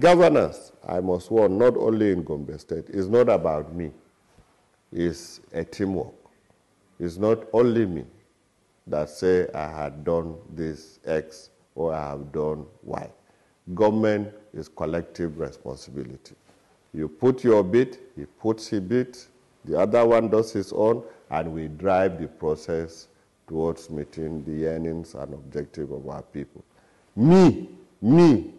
Governance, I must warn, not only in Gombe State, is not about me. It's a teamwork. It's not only me that say I had done this X or I have done Y. Government is collective responsibility. You put your bit, he puts his bit, the other one does his own, and we drive the process towards meeting the earnings and objective of our people. Me, me,